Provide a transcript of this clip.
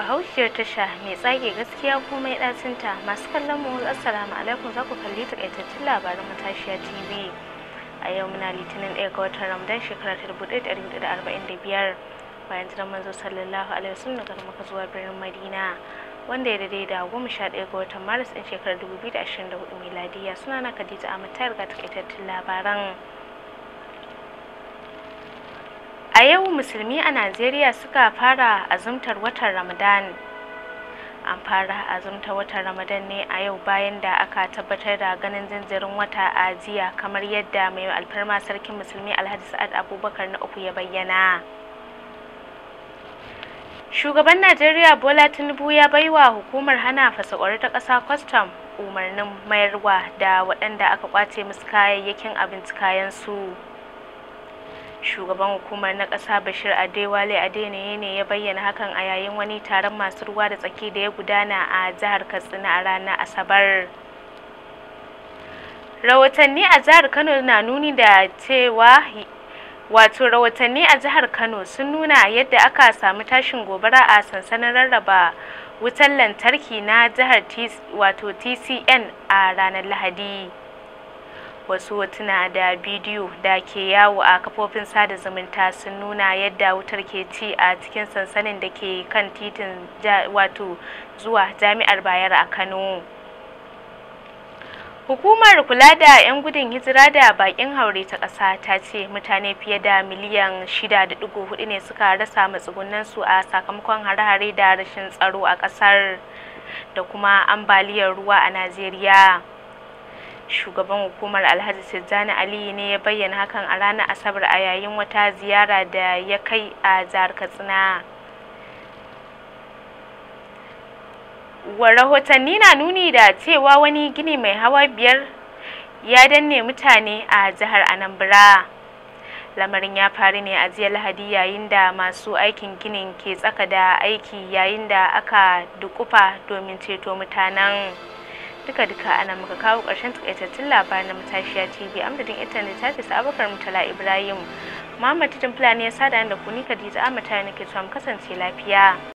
bahaushiyar tasha mai tsage gaskiya mai ɗacinta masu kallon mu assalamu alaikum za ku kalli takaitattun labarin matashiya tv a yau muna litinin ɗaya ga watan ramadan shekara ta dubu ɗaya da ɗari da arba'in da biyar bayan jiran manzo sallallahu alaihi wasallam daga maka zuwa birnin madina wanda ya daidai da goma sha ɗaya ga watan maris ɗin shekarar dubu biyu da ashirin da hudu miladiya suna na kadita amintar ta riga takaitattun labaran a yau musulmi a najeriya suka fara azumtar watan ramadan an fara azumta watan ramadan ne a yau bayan da aka tabbatar da ganin jinjirin wata a jiya kamar yadda mai alfarma sarkin musulmi alhaji sa'ad abubakar na uku ya bayyana shugaban najeriya bola tinubu ya baiwa hukumar hana fasakwari ta ƙasa kwastam umarnin mayarwa da waɗanda aka kwace musu kayayyakin abinci kayansu. shugaban hukumar na ƙasa bashir adewale adeniyi ne ya bayyana hakan a yayin wani taron masu ruwa da tsaki da ya gudana a jihar katsina a ranar asabar rahotanni a jihar kano na nuni da cewa wato rahotanni a jihar kano sun nuna yadda aka samu tashin gobara a sansanin rarraba wutan lantarki na jihar wato tcn a ranar lahadi wasu hotuna da bidiyo da ke yawo a kafofin sada zumunta sun nuna yadda wutar ke ci a cikin sansanin da ke kan titin wato zuwa jami'ar bayar a kano Hukumar kula da 'yan gudun hijira da bakin haure ta ƙasa ta ce mutane fiye da miliyan 6.4 ne suka rasa su a sakamakon hare-hare da rashin tsaro a ƙasar da kuma ambaliyar ruwa a Najeriya. shugaban hukumar alhaji tijjani aliyu ne ya bayyana hakan a ranar asabar a yayin wata ziyara da ya kai a jihar katsina wa rahotanni na nuni da cewa wani gini mai hawa biyar ya danne mutane a jihar anambra lamarin ya faru ne a jiya lahadi yayin da masu aikin ginin ke tsaka da aiki yayin da aka dukufa domin ceto mutanen duka duka ana muka kawo ƙarshen takaitattun labarin na matashiya tv amdadin ita ne ta fi sabakar mutala ibrahim muhammad titin fulani ya sada da kuni ni khadija amma ta nake mu kasance lafiya